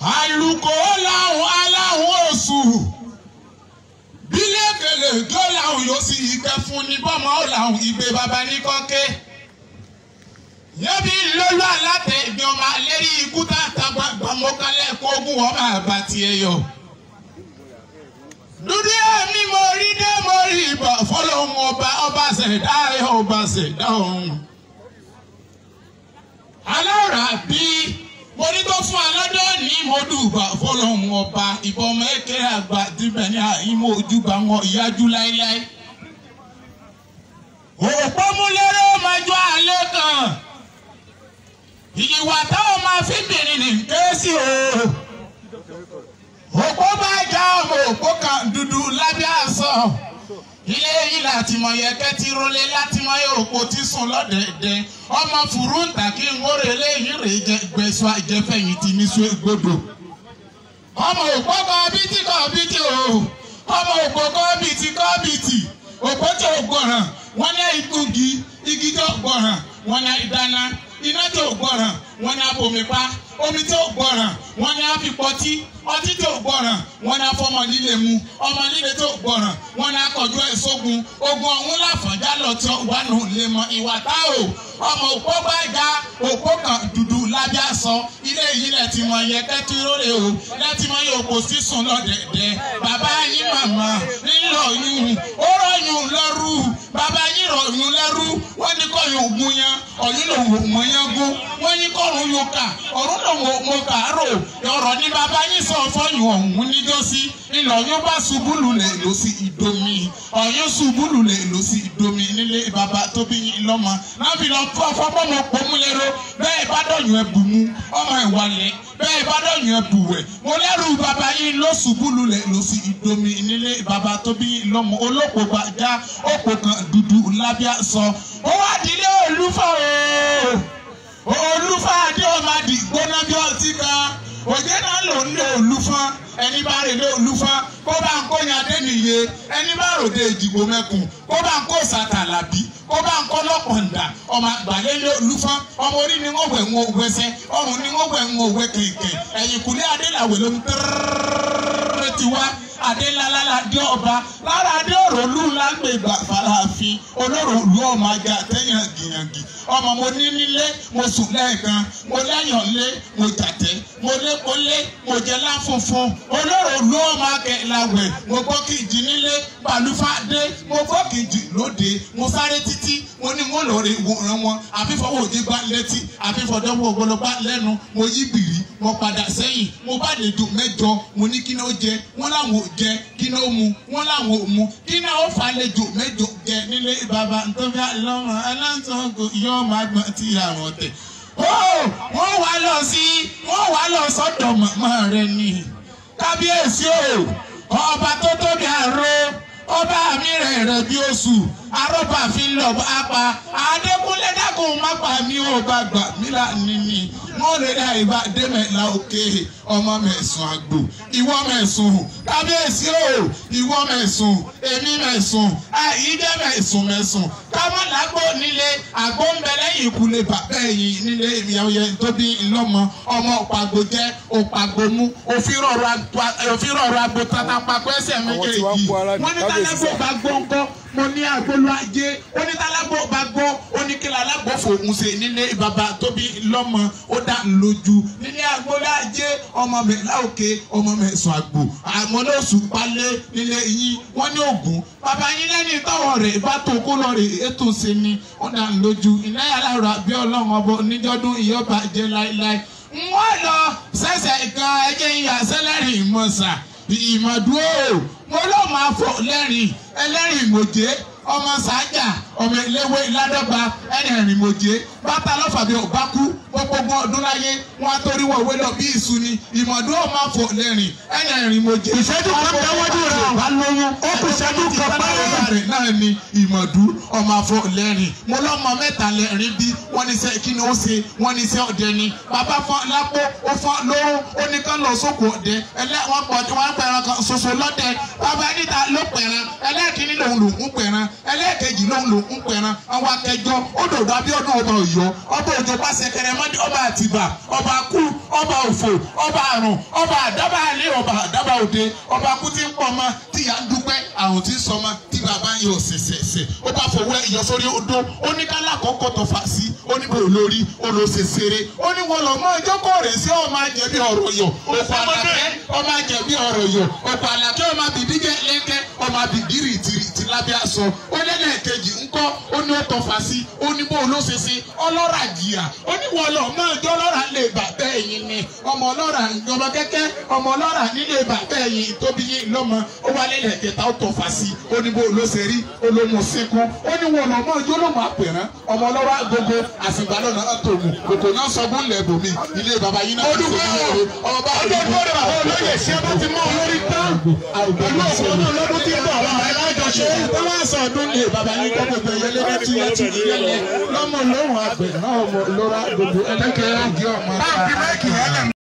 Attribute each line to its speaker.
Speaker 1: àlùkò làwọn aláwọn oṣù bílẹ̀kẹ̀lẹ̀ tó làwọn yóò sì ìgbẹ́ fún ni bọ́mọ làwọn ìgbé baba ní kọ́kẹ́ yẹ́bi lọ́lọ́ alátẹ̀ ìgbẹ́ ọmọ alẹ́rí ikú tá a ta gbàmọ́kálẹ̀ kógún ọmọ àbàtì ẹ̀yọ. dúdú ẹ̀mí mo rí dé mo rí ìbọ̀ fọlọ́hún ọba ọba ṣẹ̀dá ọba ṣẹ̀dá ọ̀hún. alára bíi mo ní tó fún alọ́dọ̀ ní mọ́dùbà fọlọ́hún ọba ìbọn ọmọ ẹ̀kẹ́ àgbà tìbẹ̀ ní àìmọ̀ ojúbà wọn ìyájú láéláé. òpómúlérò máa jọ àlẹ́ kan ìwà táwọn máa fi bìnrin ní kéésì o. òpó bá já ọmọ òpó kan dúdú lábẹ́ àṣọ ilé ilà àtìmọ̀yẹ kẹ́tìrólé látìmọ̀yẹ òpó tí sùn lọ́dẹ̀ẹ̀dẹ̀ ọmọ fùrúǹtà kí n ó relé ìrè gbèsò àjẹfẹ̀yìntì ní sógbodò ọmọ òpó kọ́ bìtì kọ́ bìtì o ọmọ òpó kọ́ bìtì kọ́ bìtì òpó tí ò gbọ̀ràn wọ́n ní ìkúgi igi tó gbọ̀ràn wọ́n ní ìdáná iná tó gbọ̀ràn wọ́n ní abòmípa omi tí ò gbọ̀ràn wọ́n ní á fi pọtí ọtí tí ò gbọ̀ràn wọ́n ní á fọmọ líle mu ọmọ líle tí ò gbọ̀ràn wọ́n ní á kọjú ẹ̀ sógun ogun ọ̀hún làfọ̀njá lọ tí wà nù lè mọ ìwà táwò ọmọ òpó bá ga òpó kan dúdú lábẹ́ aṣọ ilé yìí lẹ ti mọ yẹ kẹ́tìró rè o láti mọ yẹ òpó sísun lọ́dẹ̀dẹ̀ bàbá yín màmá nílò yún ó rọyún lọ́rù bàbá yín rọyún lẹ́rù wọ́n ní kọ́ yóò gun yan ọ̀yún lòun ò mọ yan gún wọ́n ní kọ́run yóò kà ọ̀run lòun ò mọ kàárò ọ̀rọ̀ ni bàbá yín sọ fọ́yún ọ̀hún níjọ́sí ìlọ̀yún bá ṣubú lulẹ̀ lọ sí ìdomi ọ̀yún ṣubú lulẹ̀ lọ sí ìdomi tó bí yín lọ́mọ náà fi lọ fún afọ́bọ́mọ pọ̀mú lẹ́rọ bẹ́ẹ̀ bá dọ̀yìn ẹ bù mú ọmọ ìwàlẹ̀ bẹ́ẹ̀ bá dọ̀yìn ẹ bù wẹ̀ mo lẹ́rù bàbá yín ló ṣubú lulẹ̀ ló sì domi nílé bàbá tó bí yín lọ́mọ olóko gbàjá òpó kan dúdú lábíà sọ ó wá dílé olúfà o olúfà adé ọmọ àdìgbóná bí ọtí kan. òjé náà lò ń lé olúfọ́n ẹni bá rè lé olúfọ́n kó bá ń kó yadé nìyẹ ẹni bá ròde ìdìbò mẹ́kùn kó bá ń kó sàtàlàbí kó bá ń kọ́ lọ́pọ̀ǹda ọmọ àgbàlẹ́ lé olúfán ọmọ orí ni wọ́n wẹ̀ ń ọmọ wọ́n wẹ̀ adélálálá dé ọba lára dé òròlù lágbè gbà fàlàfin olóròlù ọmọ ajá tẹyàn gìyàngì ọmọ mo ní nílé mo sùn lẹ́ẹ̀kan mo lẹ́yàn lé mo tàtẹ́ mo lé mo lé mo jẹ láfunfun olóròlù ọmọ akẹ́ làwẹ̀ mo gbọ́ kìjì nílé balùfà dé mo gbọ́ kìjì lóde mo sáré títí mo ní mo lọ rè wòran wọn àfífọwọ́ òde gbá létí àfífọdọ́wọ́ ògbólógbá lẹ́nu mo yí bìrì wọ́n padà sẹ́yìn mo bá lè dùn mẹ́jọ mo ní kí náà ó jẹ wọ́n láwọn ò jẹ kí náà ó mu wọ́n láwọn ò mu kí náà ó fà lè dùn mẹ́jọ jẹ nílé bàbá ntọ́fíà lọ́rùn aláǹtọ́gò yọ máa gbọ́n ti àwọn tẹ̀. wọ́n wá lọ sí wọ́n wá lọ sọ́dọ̀ màmá rẹ̀ ni kábíyèsí o ọba tó tóbi àrò ọba mi rẹ̀ rẹ̀ bí oṣù arọ́bà fi ń lọ apá Adékúnlé dákun má pa mí ò bá gbà mí là nìní wọn lè dá ìbá démẹ̀lá òkè ọmọ mẹ̀sùn àgbò ìwọ mẹ̀sùn kábíyèsí o ìwọ mẹ̀sùn èmi mẹ̀sùn àìjẹ́ mẹ̀sùn mẹ̀sùn kámọ́lágbó nílé àgbó ń bẹ lẹ́yìn ìkúlé bàbá ẹ̀yìn nílé ìyàwó tó bí ńlọ́mọ ọmọ òpàgò jẹ́ òpàgò mú òfin rọ̀rọ̀ àgbò tàtàpàkọ́ ẹsẹ̀ méjèèjì wọ́n ní tálẹ́gbò bá gbọ́ngàn mo ní agolo ajé onítàlágbó bá gbọ́ oníkìlá alágbó fòun ṣe nílé bàbá tóbi lọ́mọ ó dá ń lójú nílé agolo ajé ọmọ mi láòkè ọmọ mi sùn àgbò àmọ́ ló sùn palẹ̀ nílé yín wọ́n ní ògùn bàbá yín lẹ́ni tọ́wọ́ rẹ̀ bá tó kó lọ rè ètò ṣe ni ó dá ń lójú ìnáyà lára bí ọlọ́run ọbọ níjọ́dún ìyọ́bà jẹ́ láéláé wọ́n lọ sẹ́sẹ̀ kan ẹgbẹ́ ìyá sẹ́lẹ̀rì mọ̀sà ìmọ̀dúró mo lọ́ọ́ máa fò lẹ́rìn ẹlẹ́rìn ìmọ̀jé ọmọ sàájà ọmọ eléwé ládọ́gba ẹni ẹ̀rìn ìmọ̀jé bàtà lọ́fàbí ò kú gbogbo ọdún láyé wọn torí wọn òwe lọ bí ìṣù ni ìmọ̀dún ò máa lẹ́rìn ẹ̀yà ìrìn mo jẹ. ìṣẹ́jú kan dáwọ́jú rẹ̀ wá lóyún ó kù ṣẹ́jú kan pẹ́rẹ́. náà ni ìmọ̀dún ọmọ afọ lẹ́rìn mo lọ́mọ mẹ́ta lẹ́rìn bí wọ́n ní sẹ́ kí ni ó ṣe wọ́n ní sẹ́ ọ̀dẹ ni bàbá fọ́n lápò ó fọ́n lóró ó ní kán lọ sóko ọ̀dẹ wọ́n pẹ̀ràn kan ọmọdé ọba àtìgbà ọba kú ọba òfò ọba àrùn ọba àdábà alẹ́ ọba àdábà òde ọba kú ti ń pọ̀ ọmọ tí ìyá ń dúpẹ́ àrùn tí ń sọmọ tí bàbá yóò ṣẹ̀ṣẹ̀ṣẹ̀ ó bá fọwọ́ ìyọ sórí odó ó ní kálá kọ́kọ́ tó fà sí ó ní bò lórí ó lọ ṣe ṣeré ó ní wọn lọ mọ ìjókòó rẹ̀ sí ọmọ ajẹ̀bí ọ̀rọ̀ yọ̀ ọ̀pọ̀ àlàkẹ́ ọmọ ajẹ̀bí ọ̀rọ̀ yọ̀ ọ̀pọ̀ àlàkẹ́ ọmọ bìbí lẹ́kẹ́ ọmọ abigiri ti lábẹ́ aṣọ ó ní ẹlẹ́ẹ̀kejì ńkọ́ ó ní ó tọ́fà sí ó ní bó ló ṣe ṣe ọlọ́ra jìyà ó ní wọ́n lọ máa jọ ọlọ́ra lè bàtẹ́ ẹ̀yìn ni ọmọ ọlọ́ra ọmọ kẹ́kẹ́ ọmọ ọlọ́ra nílé bàtẹ́ ẹ̀yìn tóbi yín lọ́mọ ó wá lẹ́lẹ́kẹta ó tọ́fà sí ó ní bó ló ṣe rí olómù sínkún ó ní wọ́n lọ máa jọ ọlọ́mọ àpẹ̀rán ọmọ ọlọ́ra baba yín náà ó dúpẹ́ ọ̀rọ̀ ọba ọjọ́ ìgbọ́dọ̀ àwọn olóyè ṣé ti bọ̀ wá alájọṣe tó wá sọ̀dún ní bàbá yín kó gbogbo ìyẹlé ní ti yẹn ti ní yẹlẹ lọ́mọ lóhùn àgbẹ̀ náà ọmọ lóra gbogbo ẹlẹ́kẹ̀ẹ́ àjẹ́ ọmọ.